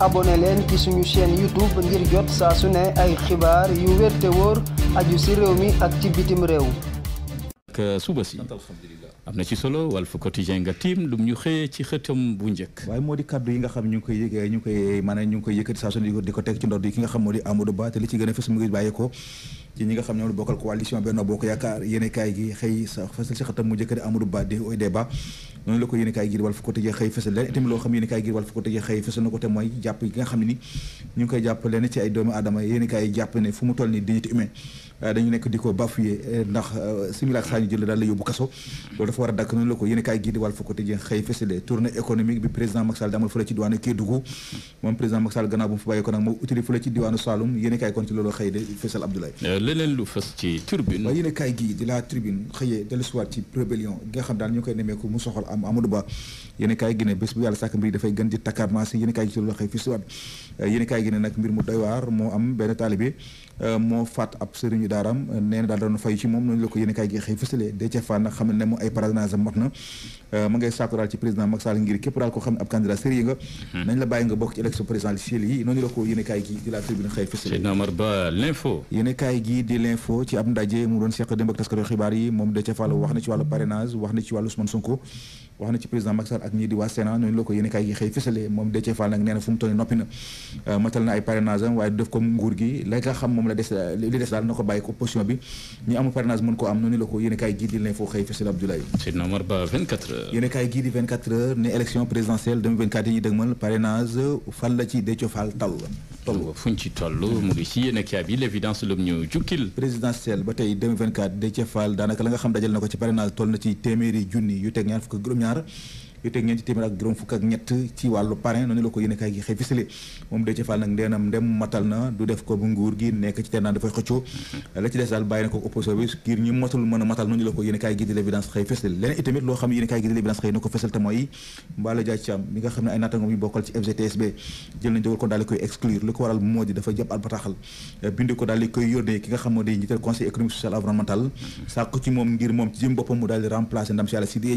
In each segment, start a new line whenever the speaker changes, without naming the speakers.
abonné leen ci suñu chaîne YouTube ngir jot saa su ne ay xibaar yu wér te wóor aju si réew mi ak ci bitim réew. ak euh, suba si am na ci solo Walf Quotidien nga tiim lu ñu xëyee ci xëtam bu njëkk. waaye moo di kaddu yi nga xam ñu ngi koy yëg ñu ngi koy ñu ngi koy yëkkati saa su ne di ko teg ci ndodd yi ki nga xam moo di Amadou Ba te li ci gën a fës mu ngi bàyyeekoo. ci ñi nga xam ne ñoom bokkal coalition Benno Bokk Yaakaar yéenekaay gi xëy sa fasal si xëtam mu njëkk di Amadou Ba noonu la ko yéen kaay gir wàl fu ko tëjee xëy fësal leen itam loo xam yéen kaay gir wàl fu ko tëjee xëy fësal na ko te mooy jàpp gi nga xam ne ni ñu koy jàpp leen ci ay doomu aadama yéen kaay jàpp ne fu mu toll ni dignité humaine Euh, dañu nekk di ko bafoué euh, ndax simila xaa ñu jël dafa war a dakk noonu la ko yéen kaay di wàll fa côté ji xëy fësale tournée économique bi président Macky Sall di ci diwaanu Kédougou moom kon ci loolu xëy de fësal euh, leneen lu fës ci tribune waaw yéen kaay di la tribune xëyee dellusiwaat ci rébellion nga xam daal ñu koy nemeeku mu soxal am Amadou Ba yéen gi ne bés bu yàlla sàkk mbir dafay gën di takkarmaasi daaraam nee daal doon fay ci moom noonu la ko yéen euh, mhm. gi xëy fësale moom Déthié Fall nag nee na fu noppi na euh, matal na ay parrainage waaye du def comme nguur gi la nga xam moom la des li des daal na ko bàyyi bàyyi ko position bi ñu amul parrainage mën koo am noonu la ko yéen a kaay gii di l'info xëy fi Sëriñ Abdoulaye Seydina Omar Ba 24 heures a di 24 heures ne élection présidentielle 2024 yi ñu dëgmal parrainage fan la ci Déthié Fall tall toll fuñ ci toll mu ngi si yéen bi l'évidence lu ñu jukkil présidentielle ba tey 2024 Déthié Fall daanaka la nga xam dajal na ko ci parrainage toll na ci téeméeri junni yu teg ñaar fukk juróom-ñaar yu teg ñeenti téeméer ak juróom fukk ak ñett ci wàllu parrain noonu la ko yéen kaay gi xëy moom Déthié Fall nag ndeenam ndem matal na du def ko bu nguur gi nekk ci ternaan dafay xëccoo la ci des daal a matal noonu la ko yéen kaay gi di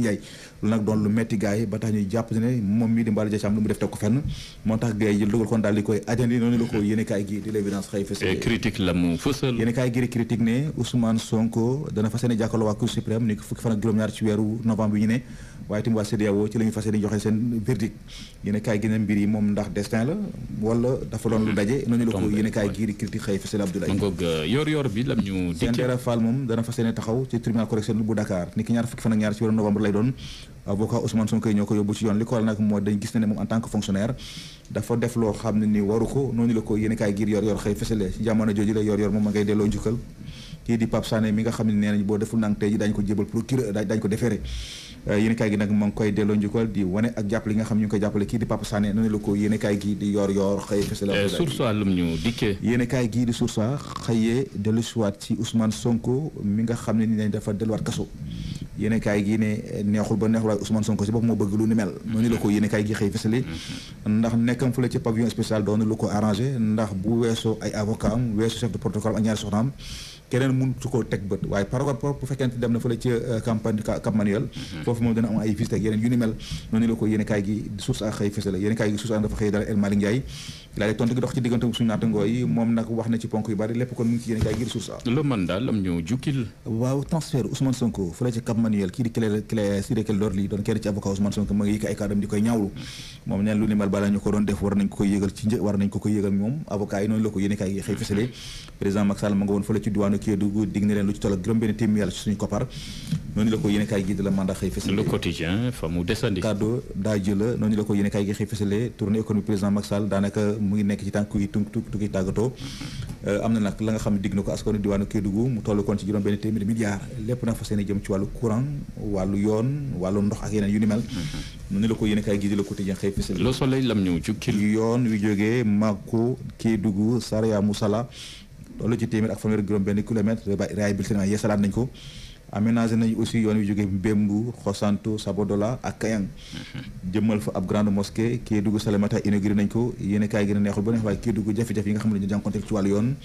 lu nag doon lu metti gaay gars yi ba tax ñuy jàpp ne moom mii di Mbaye Dia Thiam lu mu def teg ko fenn moo tax gars yi jël dogal kon daal di koy ajandi noonu la ko yéene kaay gi di l'évidence xëy ni ko fukki fan ak euh, bi lam ñu dikk Sendera Fall moom dana fas yéene taxaw ci tribunal correctionnel bu Dakar ni ki ñaar fukki fan ñaar ci weeru novembre lay doon avocat Ousmane Sonko ñoo ko yóbbu ci yoon li ko waral nag mooy dañ gis ne ne moom en tant que fonctionnaire dafa def loo xam ne ni waru ko noonu la ko yéen kaay giir yor yor xëy jamono jooju la yor yor moom ma ngay delloo njukkal kii di Pape Sané mi nga xam ne ko jébal procureur daañu ko déféré euh, gi nag ma ngi koy delloo njukkal di wane ak jàppale li nga xam ñu ngi koy jàppale kii di Pape Sané noonu la ko yéen kaay gi di yor yor xëy fësale sursa lum ñu dikkee yéen kaay gii di sursa xëyee dellusiwaat ci Ousmane Sonko mi nga xam ne ni dafa delluwaat kaso yéen kaay ni mel noonu la ko yéen kaay gi xëy fësale ndax nekkam fu la ci pavillon ak ñaari soxnaam euh, mhm. yeneen kaay gi source ak xëy dafa xëy dara El laa di gi dox ci diggante suñu naatangoo yi moom nag wax na ci ponk yu bari lépp kon mu ngi ci yéen kaay gi source ak la man daal am ñëw jukkil waaw transfert Ousmane Sonko fële ci Cap manuel kii di Ciré Ciré Ciré Clédor doon kenn ci avocat Ousmane Sonko ma ngi yëkk ay kàddam di koy ñaawlu moom neen lu ni mel ko doon def war nañ ko koy yëgal ci një war nañ ko koy yëgal moom avocat yi noonu la ko yéene kaay xëy fësale président Macky Sall ma nga woon fële ci diwaanu Kédougou digg ne leen lu ci toll ak benn téeméer yàlla ci suñu koppar noonu la ko yéen kaay gi de la mandat xëy fësale le kaddu daa jëla noonu la ko yéen kaay gi xëy fësale tournée économique président Macky Sall daanaka mu ngi nekk ci tànk yi tuk tukki tàggatoo euh, am na nag la nga xam ne digg na ko askanu diwaanu mu toll kon ci juróom benn téeméeri milliards lépp na fa seen jëm ci wàllu courant wàllu yoon wàllu ndox ak yeneen yu ni mel noonu la ko yéen kaay gi de la quotidien xëy fësale le soleil lam ñëw ci yoon wi jógee Mako Kédougou mu Moussala loolu ci téeméer ak fanweer juróom benn kilomètre raay bi yeesalaat nañ ko aménagé nañu aussi yoon wi jógee Mbembu Xosanto Sabodola ak Kayang mhm. jëmmal fa ab grande mosquée Kédougou Salémata inauguré nañ ko yéen kaay gi ne neexul ba neex waaye Kédougou jafe-jafe yi nga xam ne ñu jànkonte ci wàllu yoon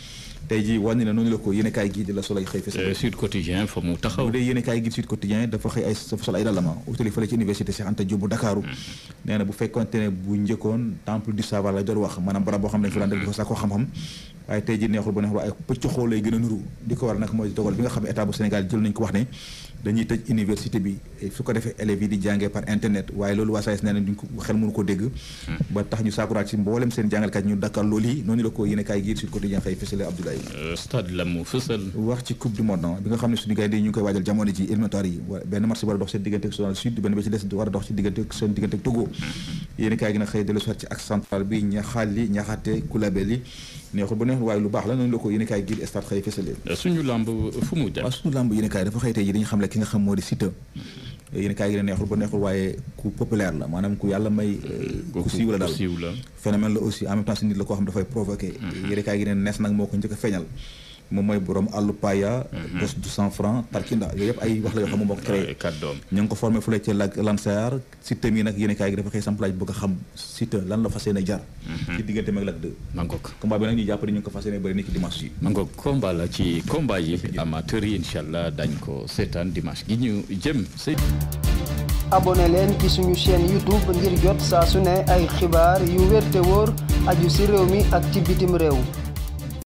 tey ji wàññi na noonu la ko yéen kaay gi di la Soleil xëy fi euh, Sud dee yéen gi Sud Quotidien dafa xëy ay dafa sol utali fële ci université Cheikh Anta bu Dakaaru mhm. nee bu fekkonte ne bu njëkkoon temple du savoir la jor wax maanaam barab boo xam ne fi daan def di fa xam-xam waaye tey ji neexul ba neexul waaye pëcc xool lay gën a nuru di war nag mooy dogal bi nga xam ne état bu Sénégal jël nañ ko wax ne dañuy tëj université bi su ko defee élèves yi di jàngee par internet waaye loolu waa SAES nee xel mënu ko dégg hmm. ba tax ñu saakuraat ci mboolem seen jàngalkat ñu dakkal loolu yi noonu la ko yéen a euh, stade la mu ah, suñu gaynde yi ñu ngi waaye euh, suñu lamb fu dafa xëy tey dañu xam ki nga xam moo di Siteu yéen kaay gi ne neexul ba neexul waaye ku populaire la maanaam ku yàlla may ku eh, siiw la daal phénomène la aussi en même temps nit la koo xam dafay provoqué mm-hmm. yéen kaay gi ne nees nag moo ko njëkk a feeñal moom mooy borom àllu paya dos mhm. du cent franc tarkinda yooyu yëpp ay wax la yoo xam moom moo ko créé ngi ko formé fële ci la lan Siteu mi nag yéen kaay gi dafa xëy samplaaj bëgg a xam Siteu lan la fas yéene jar mhm. ci diggante mag lak deux mangok combat bi nag jàpp ni ko fas yéene bëri ni ci la ci combat yi amateur yi incha allah dañ ko seetaan dimanche gi ñu jëm abonné leen ci suñu chaîne youtube ngir jot saa su ne ay xibaar yu wér te wóor aju si réew mi ak ci bitim réew